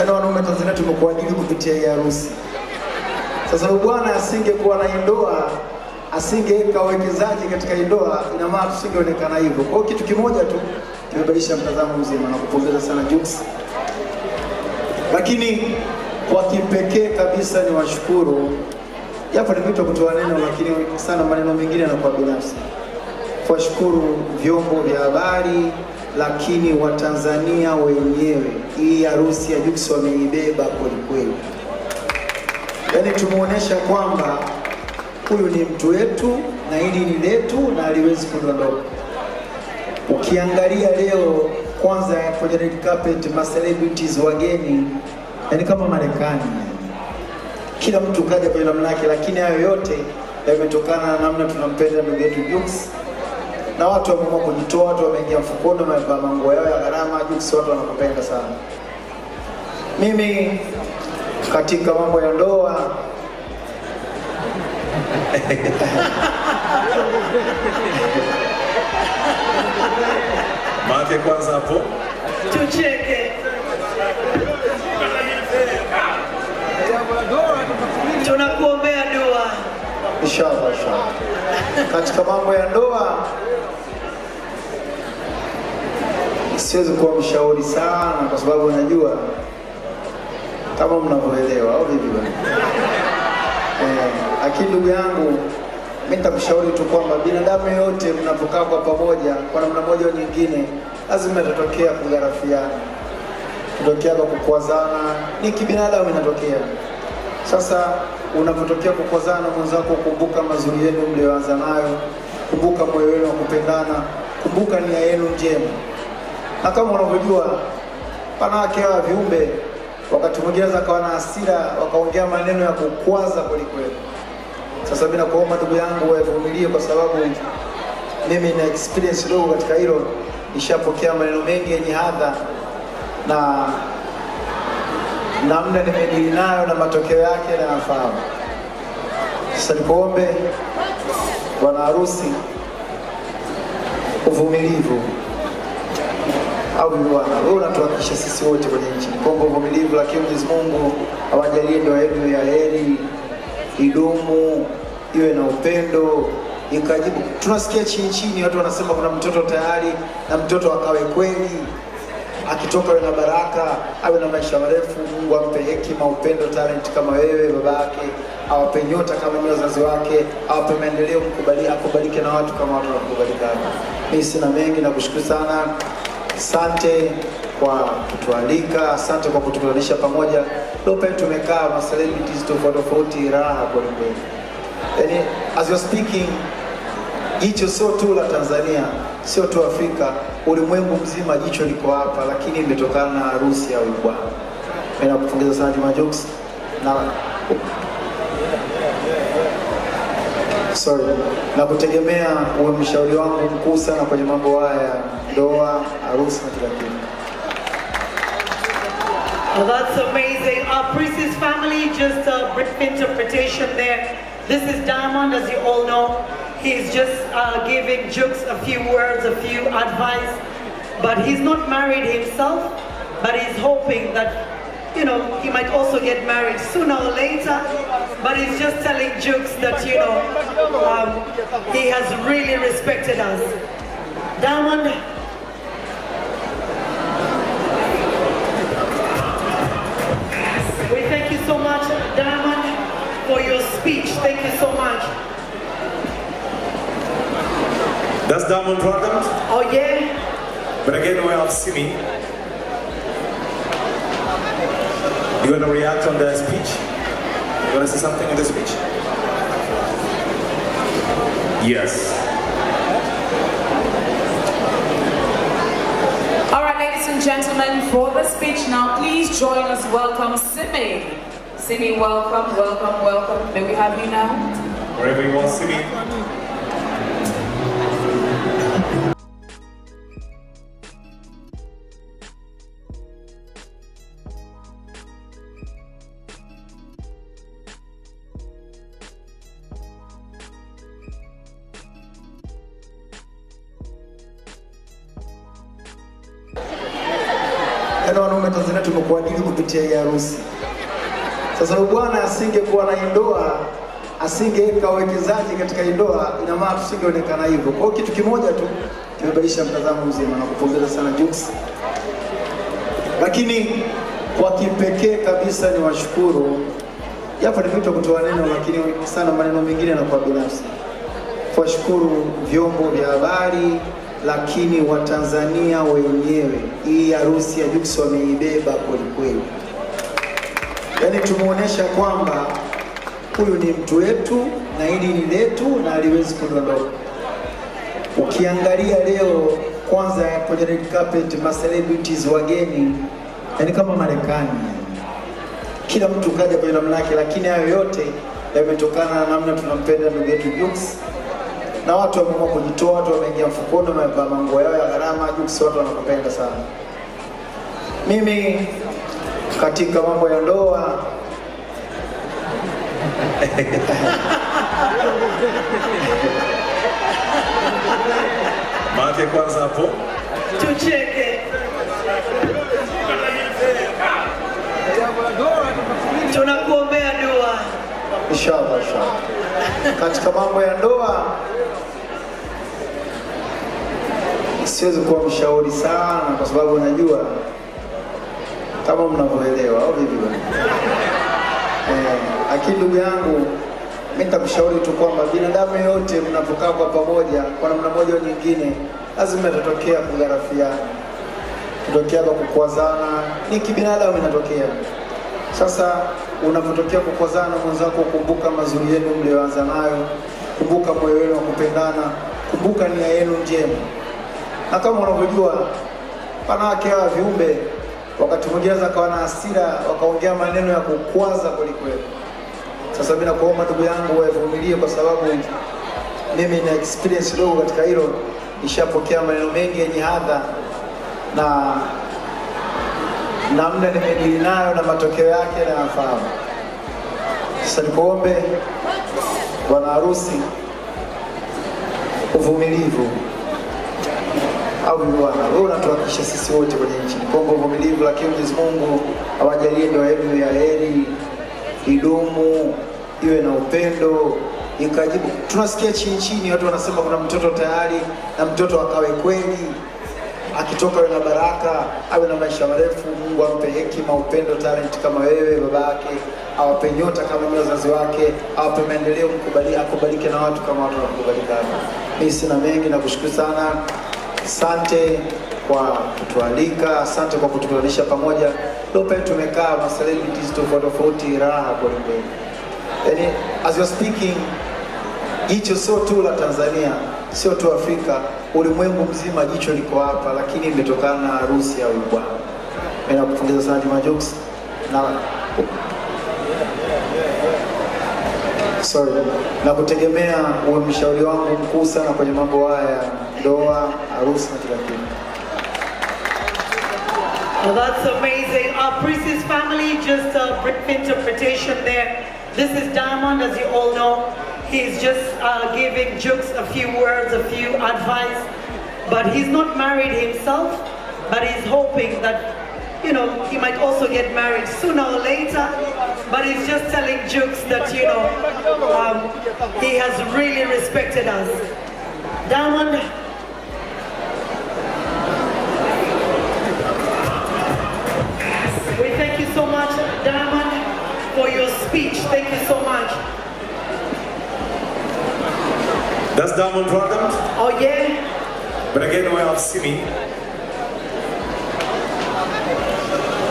Yaani wanaume Tanzania tumekuajili kupitia hii harusi. Sasa bwana asingekuwa na ndoa, asingeweka uwekezaji katika ndoa, ina maana tusingeonekana hivyo. Kwa hiyo kitu kimoja tu kimebadilisha mtazamo mzima, na kupongeza sana Jux. Lakini kwa kipekee kabisa ni washukuru japo vitu kutoa neno, lakini sana maneno mengine yanakuwa binafsi. Washukuru vyombo vya habari lakini Watanzania wenyewe hii harusi ya Jux wameibeba kwelikweli. Yaani tumuonesha kwamba huyu ni mtu wetu na hili ni letu na haliwezi kudondoka. Ukiangalia leo kwanza kwenye red carpet ma celebrities wageni, yani kama Marekani, kila mtu kaja kwenye namna yake, lakini hayo yote yametokana na namna tunampenda ndugu yetu Jux na watu wameamua kujitoa, watu wameingia mfukoni, wamevaa manguo yao ya gharama, jinsi watu wanakupenda sana. Mimi katika mambo ya ndoa maake kwanza hapo tucheke tunakuombea dua inshallah inshallah. Katika mambo ya ndoa siwezi kuwa mshauri sana, kwa sababu unajua kama mnavyoelewa au vipi bwana? Eh, lakini ndugu yangu mimi nitakushauri tu kwamba binadamu yote mnapokaa kwa pamoja kwa namna moja au nyingine, lazima itatokea kugharafiana, kutokea kwa kukwazana, ni kibinadamu inatokea. Sasa unapotokea kukozana mwenzako, kumbuka mazuri yenu mlioanza nayo, kumbuka moyo wenu wa kupendana, kumbuka nia yenu njema. Na kama unavyojua, wanawake hawa viumbe wakati mwingine kawa na hasira, wakaongea maneno ya kukwaza kwelikweli. Sasa mimi nakuomba ndugu yangu wavumilie, kwa sababu mimi na experience ndogo katika hilo, nishapokea maneno mengi yenye hadha na namna nimedili nayo na matokeo yake nayafahamu. Sasa nikuombe bwana harusi, uvumilivu au bwana wewe unatuhakikisha sisi wote kwenye nchi Kongo uvumilivu, lakini Mwenyezi Mungu awajalie ndoa yenu ya heri, idumu, iwe na upendo ikajibu. Tunasikia chini chini watu wanasema kuna mtoto tayari na mtoto akawe kweli akitoka awe na baraka, awe na maisha marefu. Mungu ampe hekima, upendo, talent kama wewe baba yake, awape nyota kama ni wazazi wake, awape maendeleo, akubalike na watu kama watu wanakubalikana. Mimi sina mengi na kushukuru sana, asante kwa kutualika, asante kwa kutukutanisha pamoja. Lope tumekaa maselebiti tofauti tofauti, raha kwelikweli. Yani, as you're speaking Jicho sio tu la Tanzania, sio tu Afrika, ulimwengu mzima jicho liko hapa, lakini imetokana na harusi ya huyu bwana. Mimi nakupongeza sana Juma Jux na sorry, na kutegemea uwe mshauri wangu mkuu sana kwenye mambo haya ya ndoa, harusi na kila kitu. Well, that's amazing. Our priest's family, just a brief interpretation there. This is Diamond, as you all know. He's just uh, giving jokes, a few words, a few advice. But he's not married himself, but he's hoping that, you know, he might also get married sooner or later. But he's just telling jokes that, you know, um, he has really respected us. Diamond But again, get away see Simi. You gonna react on the speech? You gonna say something in the speech? Yes. All right, ladies and gentlemen, for the speech now, please join us. Welcome Simi. Simi, welcome, welcome, welcome. May we have you now? Wherever you want, Simi. kana yaani wanaume Tanzania tumekuadili kupitia hii harusi. Sasa bwana asingekuwa na ndoa, asingeweka uwekezaji katika ndoa, ina maana tusingeonekana hivyo. Kwa hiyo kitu kimoja tu kimebadilisha mtazamo mzima na kupongeza sana Jux. Lakini kwa kipekee kabisa ni washukuru japo vitu kutoa neno lakini sana maneno mengine na kwa binafsi, kuwashukuru vyombo vya habari lakini Watanzania wenyewe hii harusi ya Jux wameibeba kwelikweli. Yaani tumeonyesha kwamba huyu ni mtu wetu na hili ni letu na haliwezi kudondoka. Ukiangalia leo kwanza kwenye red carpet ma celebrities wageni, yani kama Marekani, kila mtu kaja kwenye namna yake, lakini hayo yote yametokana na namna tunampenda ndugu yetu Jux na watu wameamua kujitoa, watu wameingia mfukoni, wamevaa manguo yao ya gharama juu. Watu wanakupenda sana. Mimi katika mambo ya ndoa make kwanza hapo tucheke, tunakuombea dua inshallah, inshallah katika mambo ya ndoa siwezi kuwa mshauri sana, kwa sababu najua kama mnavyoelewa au vivyo. eh, lakini ndugu yangu, mimi nitakushauri tu kwamba binadamu yote mnapokaa kwa pamoja, kwa namna moja au nyingine, lazima itatokea kugharafiana, kutokea kwa kukwazana, ni kibinadamu inatokea. Sasa unapotokea kukozana na mwenzako, kumbuka mazuri yenu mlioanza nayo, kumbuka moyo wenu wa kupendana, kumbuka nia yenu njema. Na kama unavyojua, wanawake hawa viumbe wakati mwingine wakawa na hasira, wakaongea maneno ya kukwaza kwelikweli. Sasa mimi nakuomba ndugu yangu wavumilie, kwa sababu mimi na experience dogo katika hilo, nishapokea maneno mengi yenye hadha na namna nimedili nayo na matokeo yake nayafahamu. Sasa nikuombe bwana harusi, uvumilivu au bwana wewe unatuhakikisha sisi wote kwenye nchi Kongo uvumilivu, lakini Mwenyezi Mungu awajalie ndoa yenu ya heri, idumu, iwe na upendo ikajibu. Tunasikia chini chini watu wanasema kuna mtoto tayari na mtoto akawe kweli akitoka awe na baraka, awe na maisha marefu. Mungu ampe hekima, upendo, talent kama wewe baba yake, awape nyota kama wazazi wake, awape maendeleo, mkubali, akubalike na watu kama watu wanakubalikana. Mimi sina mengi na kushukuru sana, asante kwa kutualika, asante kwa kutukutanisha pamoja. Leo pale tumekaa masaliti tofauti tofauti, raha kwa kweli. Yani, as you speaking jicho sio tu la Tanzania sio tu Afrika, ulimwengu mzima jicho liko hapa, lakini imetokana na harusi ya huyu bwana. Nakupongeza sana Juma Jux na sorry, na kutegemea uwe mshauri wangu mkuu sana kwenye mambo haya ya ndoa, harusi na kila kitu. Well, that's amazing. Our Princess family, just a brief interpretation there. This is Diamond, as you all know. He's just uh, giving jokes a few words, a few advice. But he's not married himself, but he's hoping that, you know, he might also get married sooner or later. But he's just telling jokes that, you know, um, he has really respected us. Diamond we thank you so much, Diamond, for your speech. Thank you so much. That's Diamond Product. Oh yeah. But again, we have Simi.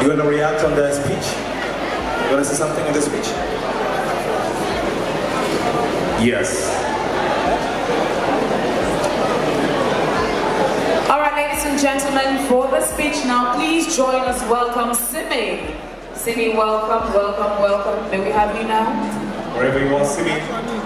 You gonna react on the speech? You gonna say something in the speech? Yes. All right, ladies and gentlemen, for the speech now, please join us. Welcome, Simi. Simi, welcome, welcome, welcome. May we have you now? Wherever you want, Simi.